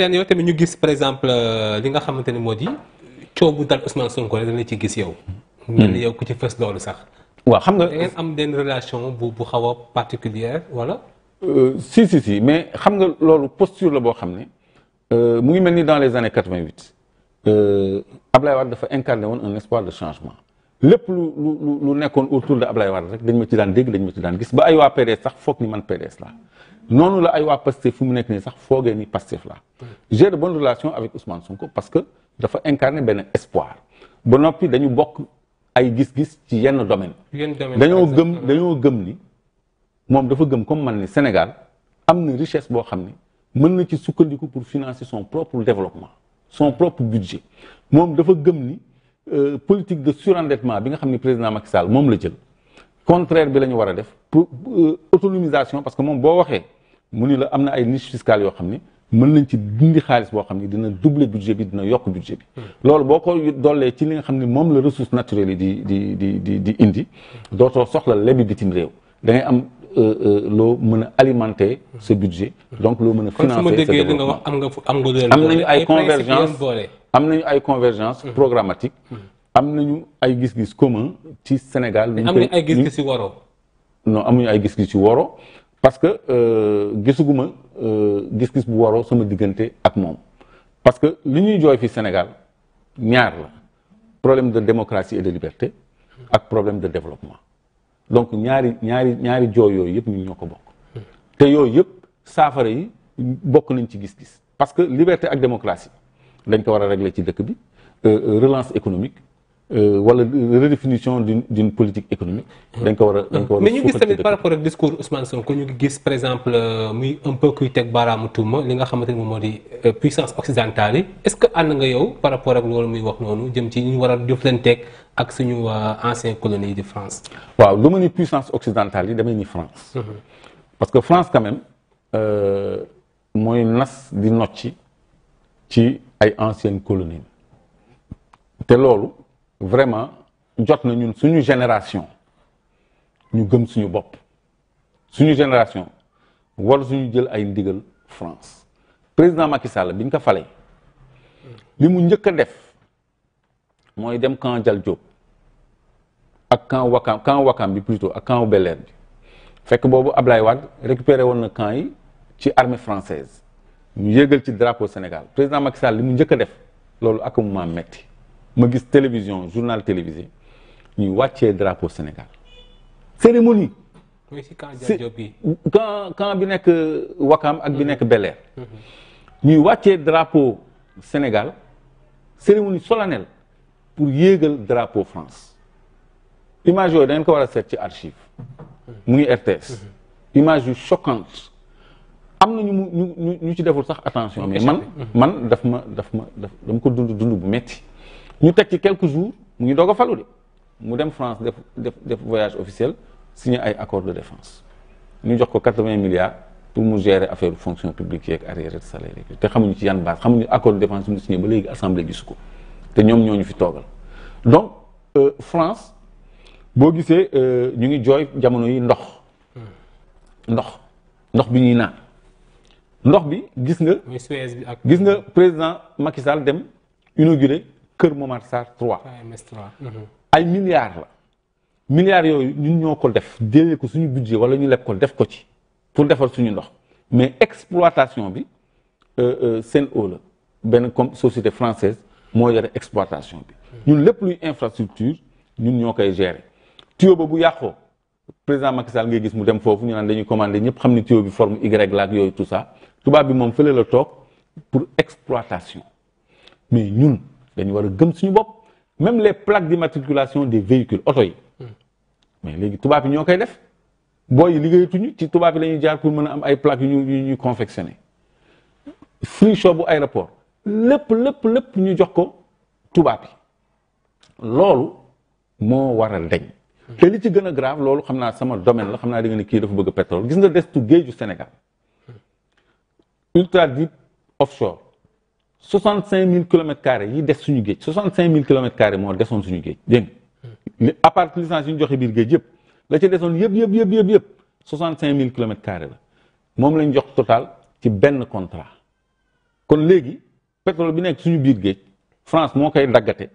seen yow tamit ñu gis par exemple euh, li nga xamante ne moo di coow bu dal Ousmane Sonko ci gis yow. Hmm. mel yow ku ci fës loolu sax. waaw xam nga am benn relation bu bu xaw a particulière wala. Euh, si si si mais xam nga loolu posture la boo xam ne euh, mu ngi mel ni dans les années quatre-vingt-huit Ablaye Wade dafa incarné woon un espoir de changement. lépp lu lu lu nekkoon autour de Ablaye Wade rek dañ ma ci daan dégg dañ ma ci daan gis ba ay waa PDS sax foog ni man PDS la noonu la ay waa Pastef fu mu nekk nii sax foogee ni Pastef la j'ai de bonnes relations avec Ousmane ko parce que dafa incarné benn espoir ba noppi dañu bokk ay gis-gis ci yenn domaine dañoo gëm dañoo gëm ni moom dafa gëm comme man ni Sénégal am na richesse boo xam ni mën na ci sukkandiku pour financer son propre développement son propre budget moom dafa gëm ni Euh, politique de surendettement bi nga xam ne président Macky saal moom la jël contraire bi la ñu war a def pour euh, autonomisation parce que moom boo waxee mu ni la am na ay niche fiscale yoo xam ni mën nañ ci dindi xaalis boo xam ni dina doubler budget bi dina yokk budget bi. Hmm. loolu boo ko dollee ci li nga xam ni moom la ressource naturelle yi di di di di di indi dootoo soxla lebi bitim réew da ngay am. Euh, loo mën a alimenter hmm. ce budget donc loo mën a financer ce développement am nañu ay convergence am nañu ay convergence mhm. programmatique mhm. am nañu ay gis-gis commun ci Sénégal. am nañu ay gis-gis yu waroo. non ay gis-gis yu waroo parce que euh, gisuguma euh, gis-gis bu waro sama diggante ak moom parce que li ñuy jooy fi Sénégal ñaar la problème de démocratie et de liberté ak problème de développement donc ñaari ñaari ñaari jooy yooyu yëpp ñun ñoo ko bokk mhm. te yooyu yëpp saafara yi bokk nañ ci gis-gis parce que liberté ak démocratie. dañ ko war a régler ci dëkk bi euh, euh, relance économique euh, wala redéfinition d'une d'une politique économique. dañ ko war a dañ ko war a mais ñu gis tamit par rapport ak discours Ousmane ñu gis par exemple muy un peu kuy teg baaraamu tuuma li nga xamante ne moom moo di puissance occidentale yi est-ce que ànd nga yow par rapport ak loolu muy wax noonu jëm ci ñu war a jëflanteeg ak suñu ancien colonie di France. waaw lu ma ni puissance occidentale yi damay ni France. Mhm. parce que France quand même mooy nas ay anciennes colonies te loolu vraiment jot na ñun suñu génération ñu gëm suñu bopp suñu génération war suñu jël ay ndigal France président Macky Sall bi ko falee li mu njëkk a def mooy dem camp jal Diop ak camp Wakam camp Wakam bi plutôt ak camp Bel Air bi fekk boobu ab Ablaye Wade récupéré woon na camp yi ci armée française ñu yégal ci drapeau Sénégal président Macky Sall li mu njëkk a def loolu ak mu ma metti ma gis télévision journal télévisé ñu wàccee drapeau Sénégal cérémonie. mooy si camp Diop bi camp Wakam ak bi mm-hmm. nekk Bel mm-hmm. ñuy wàccee drapeau Sénégal cérémonie solennelle pour yéegal drapo France image yooyu da ngeen ko war a set ci archive mm-hmm. mu ngi RTS image yu choquante am na ñu mu ñu ñu ci deful sax attention mais man man daf ma daf ma daf dama ko dund dund bu metti ñu teg ci quelques jours mu ngi doog a falu de mu dem France def def def voyage officiel signé ay accord de defence ñu jox ko quatre-vingts milliards pour mu gérer affaire fonction publique yeeg arriérés de salaire yeeg te xamuñu ci yan base xamuñu accord de défense mu signé ba léegi assemblée gisu ko te ñoom ñoo ñu fi toogal donc euh, France boo gisee euh, ñu ngi jooy jamono yi ndox hmm. ndox ndox bi ñuy naan ndox bi gis nga. gis nga président Macky Sall dem inauguré Kër Momar Sarr 3. Mhm. ay milliards la. milliards yooyu ñun ñoo ko def jëlee ko suñu budget wala ñu leb ko def ko ci pour defar suñu ndox mais exploitation bi euh, euh, seen la benn comme société française moo yore exploitation bi. Mhm. ñun lépp luy infrastructure ñun ñoo koy gérer tuyau ba bu yàqoo. président Macky Sall ngay gis mu dem foofu ñu naan dañuy commandé ñëpp xam ni tuyau bi forme Y la ak yooyu tout tubaab bi moom fële la toog pour exploitation mais ñun dañu war a gëm suñu bopp même les plaques d'immatriculation des véhicules oto yi hmm. mais léegi tubaab bi ñoo koy def booy liggéeyatuñu ci tubaab bi lañuy jaar pour mën am ay plaques yu ñu yu ñuy confectionné free shop bu aéroport lépp lépp lépp ñu jox ko tubaab yi loolu moo war a deñ te li ci gën a grave loolu xam naa sama domaine la xam naa da nga ne kii dafa bëgg pétrole gis nga destu géeju Sénégal ultra deep offshore soixante cinq mille kilomètres carrés yi des suñu géej soixante cinq mille kilomètres carrés moo desoon suñu géej dégg nga hmm. à part licence yi ñu joxe biir géej yëpp la ca desoon yëpp yëpp yëpp yëpp yëpp soixante cinq mille kilomètres carrés la moom lañ jox total ci benn contrat kon léegi pétrole bi nekk suñu biir géej France moo koy daggate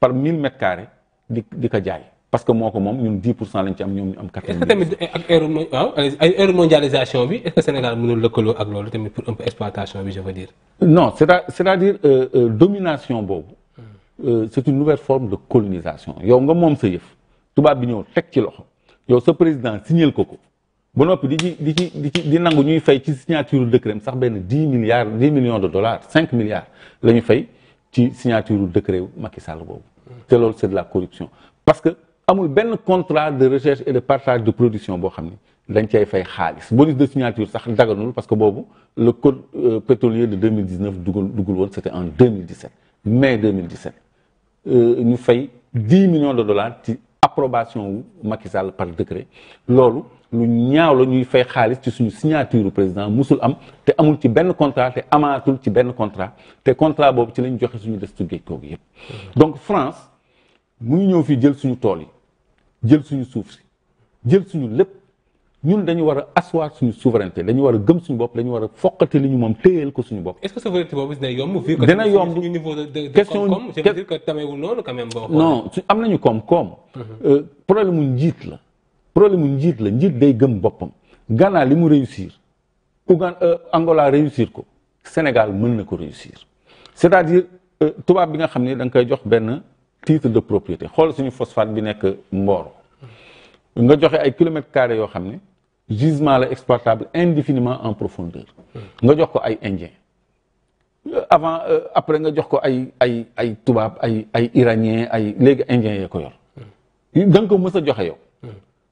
par mille mètres carrés di di ko jaay parce que moo ko moom ñun 10 pour cent ñu am. 80 est ak heure mondialisation bi est ce que Sénégal mënul lëkkaloo ak loolu tamit pour un peu exploitation bi je veux dire. non c' est à c' est dire euh, euh, domination boobu. Hmm. Euh, c' est une nouvelle forme de colonisation yow nga moom sa yëf tubaab bi ñëw teg ci loxo yow sa président signal ko ko ba noppi di ci di ci di di nangu ñuy fay ci signature décret sax benn 10 milliards 10 millions de dollars 5 milliards la ñu fay ci signature décret Macky Sall boobu. Hmm. te la corruption amul benn contrat de recherche et de partage de production boo xam ne dañ cay fay xaalis bonus de signature sax daganul parce que boobu le code euh, pétrolier de 2019 dugul dugul woon c'était en 2017 mai 2017 euh, ñu fay 10 millions de dollars ci approbation wu Macky Sall par décret loolu lu ñaaw la ñuy fay xaalis ci suñu signature président musul am te amul ci benn contrat te amaatul ci benn contrat te contrat boobu ci lañ joxe suñu des destu géej koogu yépp donc France mu ngi ñëw fii jël suñu tool yi jël suñu suuf si jël suñu lépp ñun dañu war a asseoir suñu souveraineté dañu war a gëm suñu bopp dañu war a foqati li ñu moom téyeel ko suñu bopp. est-ce que souveraineté boobu dina yomb. dina yomb suñu niveau de de koom-koom je veux dire que koom-koom. Mhm. Euh, problème mu njiit la. problème mu njiit la njiit day gëm boppam. Ghana li mu réussir. Ouganda euh, Angola réussir ko. Sénégal mën na ko réussir. c'est-à-dire euh, tubaab bi nga xam ne da nga koy jox benn. titre de propriété xool suñu phosphate bi nekk Mboro nga joxe ay kilomètres carré yoo xam ne gisement la exploitable indéfiniment en profondeur nga jox ko ay indien avant euh, après nga jox ko ay ay ay tubaab ay ay iranien ay léegi indien yee ko yor da ko mës a joxe yow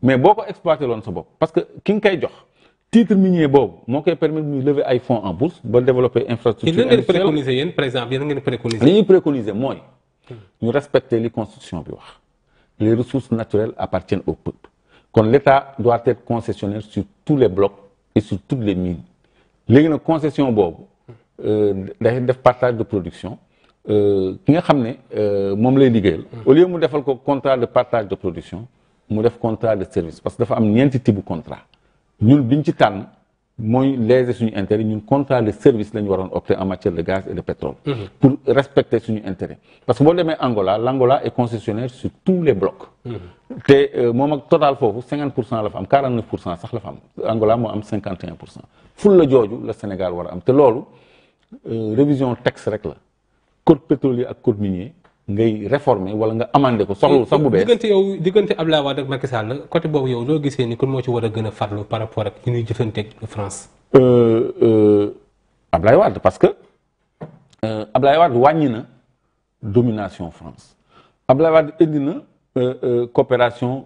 mais boo ko exploité loon sa bopp parce que ki nga koy jox titre minier boobu moo koy permettre muy lever ay fonds en bourse ba développer infrastructure industrielle yéen préconiser li préconiser mooy ñu respecter li constitution bi wax les ressources naturelles appartiennent au peuple kon l'État doit être concessionnaire sur tous les blocs et sur toutes les mines léegi nag concession boobu euh, day def partage de production euh, ki nga xam ne euh, moom lay liggéeyal au lieu mu defal ko contrat de partage de production mu def contrat de service parce que dafa am ñeenti tibu contrat ñun biñ ci mooy léser suñu intérêt ñun contrat de service la ñu waroon opté en matière de gaz et de pétrole. Mm -hmm. pour respecter suñu intérêt parce que boo demee Angola l'Angola est concessionnaire sur tous les blocs. Mhm. te euh, moom ak total foofu 50 pour cent la fa am 49 pour cent sax la fa am Angola moo am 51 pour ful la jooju la Sénégal war am te loolu euh, révision texte rek la code pétrolier ak code minier. ngay réformer wala nga amandé ko soxlu sax bu bees yow diggante ab Wade ak Macky Sall côté boobu yow loo gisee ni kon moo ci war a gën a farlu par rapport ak ñu ñuy jëfanteeg France. Euh, euh, Abdoulaye Wade parce que euh, Abdoulaye Wade wàññi na domination France Abdoulaye Wade indi na coopération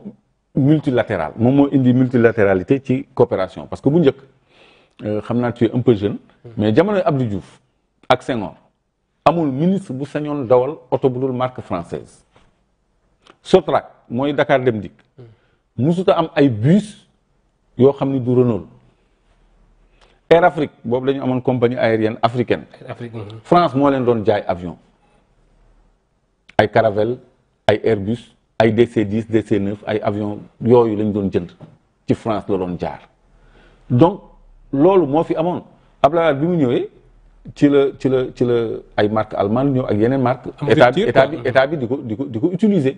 multilatérale moom moo indi multilatéralité ci coopération parce que bu njëkk xam naa tu es un peu jeune hmm. mais jamono Abdou Diouf ak Senghor. amul ministre bu sañoon dawal oto bu dul marque française Sotrac mooy Dakar Dem Dikk musuta am ay bus yoo xam ni du Renault Air Afrique boobu lañu amoon compagnie aérienne africaine mhm. France moo leen doon jaay avion ay Caravelle ay Airbus ay DC-10 DC-9 ay avion yooyu lañ doon jënd ci France la doon jaar donc loolu moo fi amoon Abdoulaye Wade bi mu ñëwee ci la ci la ci la ay marque allemande ñëw ak yeneen marque état bi état bi état bi di ko di ko di ko utiliser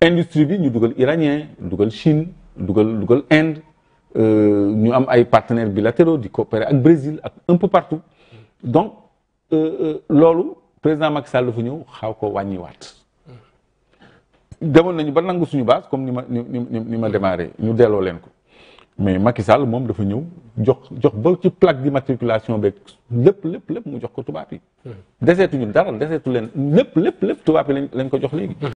industrie bi ñu dugal iranien dugal Chine dugal dugal Inde euh, ñu am ay partenaires bilatéraux di ko coopérer ak Brésil ak un peu partout donc euh, euh, loolu président Macky Sall dafa ñëw xaw ko wàññiwaat demoon nañu ba nangu suñu base comme ni ma ni ma démarré ñu delloo leen ko mais Macky Sall moom dafa ñëw jox jox ba ci plaque d'immatriculation beeg lépp lépp lépp mu jox ko tubaab yi. Hmm. ñu dara deseetu leen lépp lépp lépp tubaab yi lañ lañ ko jox léegi.